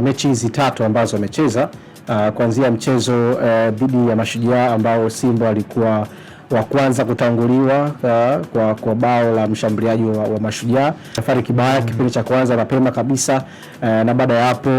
Mechi hizi tatu ambazo amecheza uh, kuanzia mchezo uh, dhidi uh, ya Mashujaa ambao Simba alikuwa wa kwanza kutanguliwa uh, kwa, kwa bao la mshambuliaji wa, wa Mashujaa Jafari Kibaya mm. Kipindi cha kwanza mapema kabisa uh, na baada ya hapo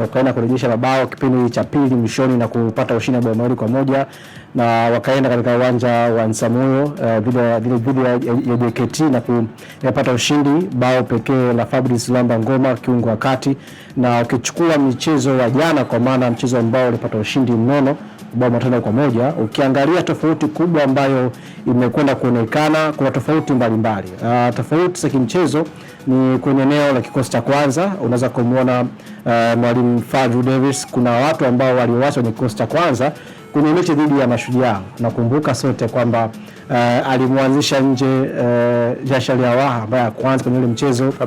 wakaenda kurejesha mabao kipindi cha pili mwishoni na kupata ushindi wa bao mawili kwa moja na wakaenda katika uwanja wa Nsamuyo eh, dhidi uh, ya JKT na kupata ushindi bao pekee la Fabrice Lamba Ngoma kiungo wa kati, na ukichukua michezo ya jana, kwa maana mchezo ambao ulipata ushindi mnono bao matano kwa moja. Ukiangalia tofauti kubwa ambayo imekwenda kuonekana, kuna tofauti mbalimbali mbali. Uh, tofauti za kimchezo ni kwenye eneo la kikosi cha kwanza, unaweza kumwona uh, eh, mwalimu Fadlu Davis. Kuna watu ambao waliowasha kwenye kikosi cha kwanza kwenye mechi dhidi ya Mashujaa. Nakumbuka sote kwamba uh, alimwanzisha nje uh, eh, Jashari Awaha ambaye kwanza kwenye ile mchezo hakupo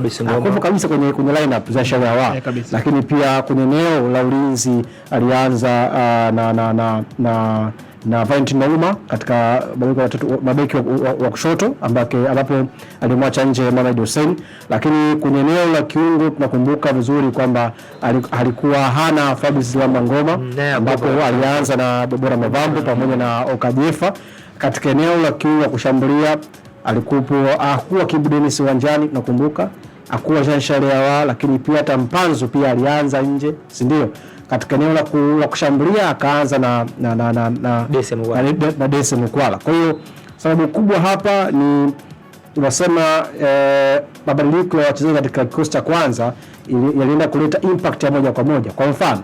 ah, kabisa kwenye, kwenye lineup Jashari Awaha yeah, lakini pia kwenye eneo la ulinzi alianza uh, na, na, na, na na Valentino Uma katika mabeki wa, wa, wa kushoto ambapo alimwacha nje Mohamed Hussein, lakini kwenye eneo la kiungo tunakumbuka vizuri kwamba alikuwa hana Fabrice Wambangoma mm, ambapo alianza na Bobora Mavambo pamoja na Okajefa katika eneo la kiu la kushambulia alikupo akuwa Kibu Denis uwanjani, nakumbuka akuwa Jean Charles Ahoua, lakini pia hata Mpanzu pia alianza nje, si ndio? Katika eneo la, la kushambulia akaanza na na na na, na na, na Dese Mkwala. Kwa hiyo sababu kubwa hapa ni tunasema eh, mabadiliko ya wachezaji katika kikosi cha kwanza yalienda kuleta impact ya moja kwa moja. Kwa mfano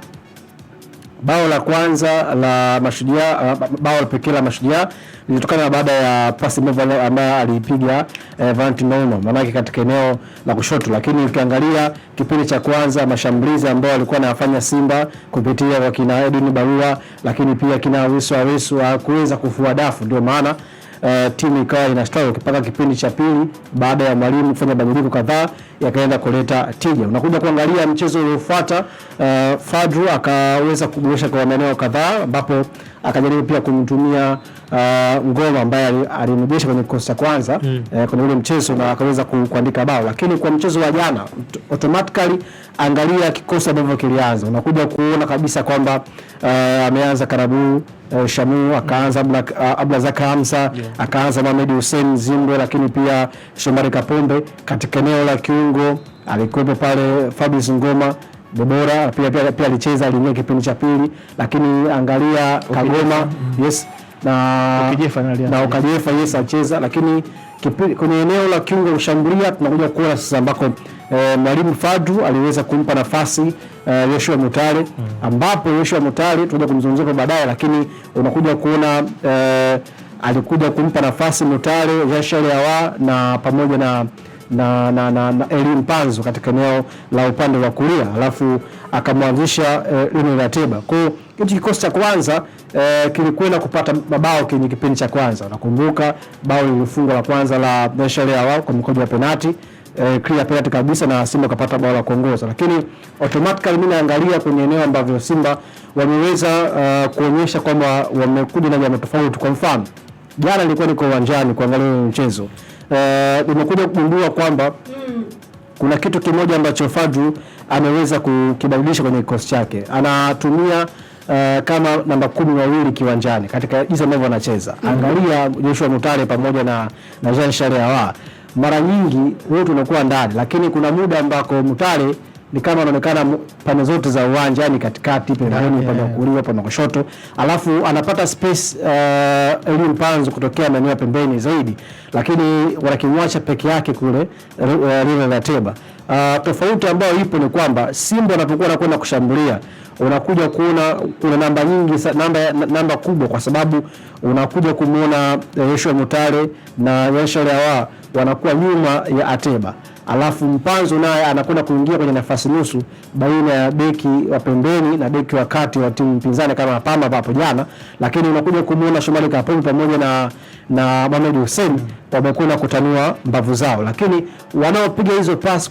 Bao la kwanza la Mashujaa, eh, bao la pekee la Mashujaa lilitokana baada ya pasi mbovu ambayo alipiga eh, Valentin Ono, maanake katika eneo la kushoto. Lakini ukiangalia kipindi cha kwanza mashambulizi ambayo alikuwa anafanya Simba kupitia kwa kina Edwin Barua, lakini pia kina Wisu Awisu hakuweza kufua dafu, ndio maana uh, timu ikawa ina struggle mpaka kipindi cha pili, baada ya mwalimu kufanya badiliko kadhaa yakaenda kuleta tija. Unakuja kuangalia mchezo uliofuata, uh, Fadru akaweza kuboresha kwa maeneo kadhaa, ambapo akajaribu pia kumtumia uh, Ngoma ambaye alimrejesha kwenye kikosi cha kwanza mm. uh, kwenye ule mchezo na akaweza kuandika bao, lakini kwa mchezo wa jana automatically angalia kikosi ambavyo kilianza, unakuja kuona kabisa kwamba uh, ameanza Karabu uh, Shamu akaanza Abla, uh, Abla Hamza yeah. akaanza Mohamed Hussein Zimbe, lakini pia Shomari Kapombe katika eneo la kiungo alikuwepo pale Fabrice Ngoma Bobora pia, pia, pia alicheza aliingia kipindi cha pili, lakini angalia Kagoma okay. Mm-hmm. yes na Ukajefa yes acheza, lakini kwenye eneo la kiungo kushambulia tunakuja kuona sasa ambako e, Mwalimu Fadru aliweza kumpa nafasi e, eh, Joshua Mutale mm. ambapo Joshua Mutale tutakuja kumzungumzia baadaye, lakini unakuja kuona e, alikuja kumpa nafasi Mutale Rachel Awa na pamoja na na, na, na, na Eli Mpanzu katika eneo la upande wa kulia alafu akamwanzisha Lino Ratiba. Kwa hiyo hichi kikosi cha kwanza eh, kilikwenda kupata mabao kwenye kipindi cha kwanza. Unakumbuka bao lilifungwa la kwanza la Nashale Awao kwa mkojo wa penati eh, clear penalty kabisa na Simba kapata bao la kuongoza, lakini automatically mimi naangalia kwenye eneo ambavyo Simba wameweza uh, kuonyesha kwamba wamekuja na jambo tofauti. Kwa mfano jana nilikuwa niko uwanjani kuangalia mchezo uh, nimekuja kugundua kwamba kuna kitu kimoja ambacho Fadru ameweza kukibadilisha kwenye kikosi chake. Anatumia uh, kama namba kumi wawili kiwanjani katika jinsi ambavyo anacheza. Angalia Joshua Mutale pamoja na na Jean Charles Ahoua mara nyingi wote unakuwa ndani, lakini kuna muda ambako Mutale ni kama anaonekana pande zote za uwanja, yani katikati, pembeni, upande wa kulia, upande wa kushoto, alafu anapata space uh, Elie Mpanzu kutokea maeneo ya pembeni zaidi, lakini wanakimwacha peke yake kule lile uh, la Teba. Uh, tofauti ambayo ipo ni kwamba Simba anapokuwa anakwenda kushambulia unakuja kuona kuna namba nyingi namba, namba kubwa kwa sababu unakuja kumwona Yeshua Mutale na Yeshua Lewa wanakuwa nyuma ya Ateba, alafu Mpanzu naye anakwenda kuingia kwenye nafasi nusu baina ya beki wa pembeni na beki wa kati wa timu pinzani kama Pamba hapo jana, lakini unakuja kumuona Shomari Kapombe pamoja na na Mohamed Hussein wamekwenda kutanua mbavu zao, lakini wanaopiga hizo pasi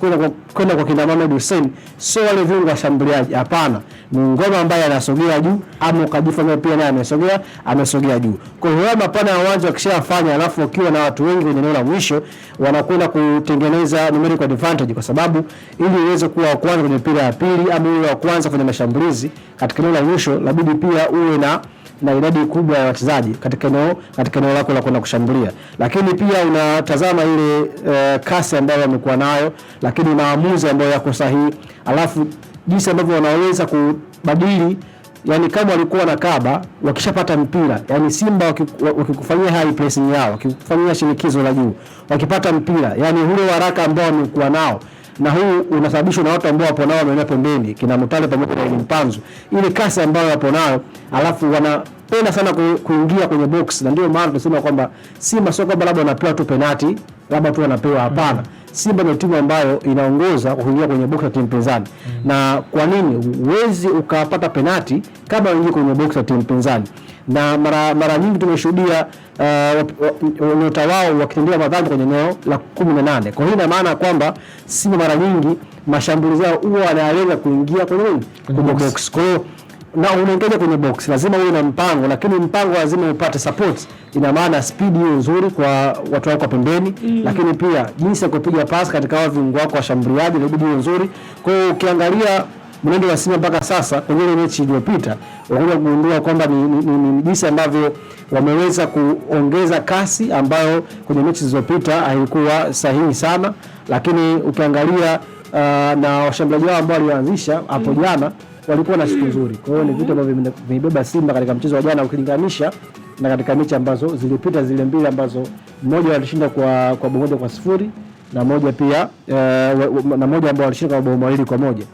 kwenda kwa kina Mohamed Hussein sio wale viungo washambuliaji. Hapana, ni ngoma ambaye anasogea juu, ama ukajifanya pia naye amesogea, amesogea juu. Kwa hiyo haya mapana ya uwanja wakishafanya, alafu wakiwa na watu wengi kwenye eneo la mwisho, wanakwenda kutengeneza numerical advantage, kwa sababu ili uweze kuwa wa kwanza kwenye mpira ya pili ama uwe wa kwanza kwenye mashambulizi katika eneo la mwisho, labidi pia uwe na na idadi kubwa ya wachezaji katika eneo katika eneo lako la kwenda kushambulia, lakini pia unatazama ile uh, kasi ambayo wamekuwa nayo, lakini maamuzi ambayo yako sahihi, alafu jinsi ambavyo wanaweza kubadili yani kama walikuwa na kaba wakishapata mpira, yani Simba wakikufanyia high pressing yao, wakikufanyia shinikizo la juu, wakipata mpira, yani ule waraka ambao wamekuwa nao na huu unasababishwa na watu ambao wapo nao wanaenea pembeni, kina Mutale pamoja na mpanzo ile kasi ambayo wapo nayo, alafu wanapenda sana kuingia kwenye box, na ndio maana tunasema kwamba Simba sio kwamba labda wanapewa tu penati, labda tu wanapewa, hapana. Simba ni timu ambayo inaongoza kwa kuingia kwenye box ya timu pinzani. Mm. Na kwa nini huwezi ukapata penati kama uingie kwenye box ya timu pinzani? na mara, mara nyingi tumeshuhudia uh, nyota wao wakitendewa madhambi kwenye eneo la 18. Kwa hiyo ina maana kwamba Simba mara nyingi mashambulizi yao huwa wanalenga kuingia kwenye kwenye box. Box. Kwa hiyo na unaingia kwenye box lazima uwe na mpango, lakini mpango lazima upate support. Ina maana speed hiyo nzuri kwa watu wako pembeni mm. lakini pia jinsi ya kupiga pass katika wao viungo wako washambuliaji na bidii nzuri. Kwa hiyo ukiangalia mwenendo wa Simba mpaka sasa, kwenye ile mechi iliyopita, unakuja kugundua kwamba ni, ni, ni, ni jinsi ambavyo wameweza kuongeza kasi ambayo kwenye mechi zilizopita haikuwa sahihi sana, lakini ukiangalia uh, na washambuliaji wao ambao walianzisha hapo mm. jana walikuwa na siku nzuri. Kwa hiyo ni vitu ambavyo vimebeba Simba katika mchezo wa jana ukilinganisha na katika mechi ambazo zilipita zile mbili ambazo mmoja walishinda kwa, kwa bomoja kwa sifuri na moja pia uh, na moja ambao walishinda kwa bao mawili kwa moja.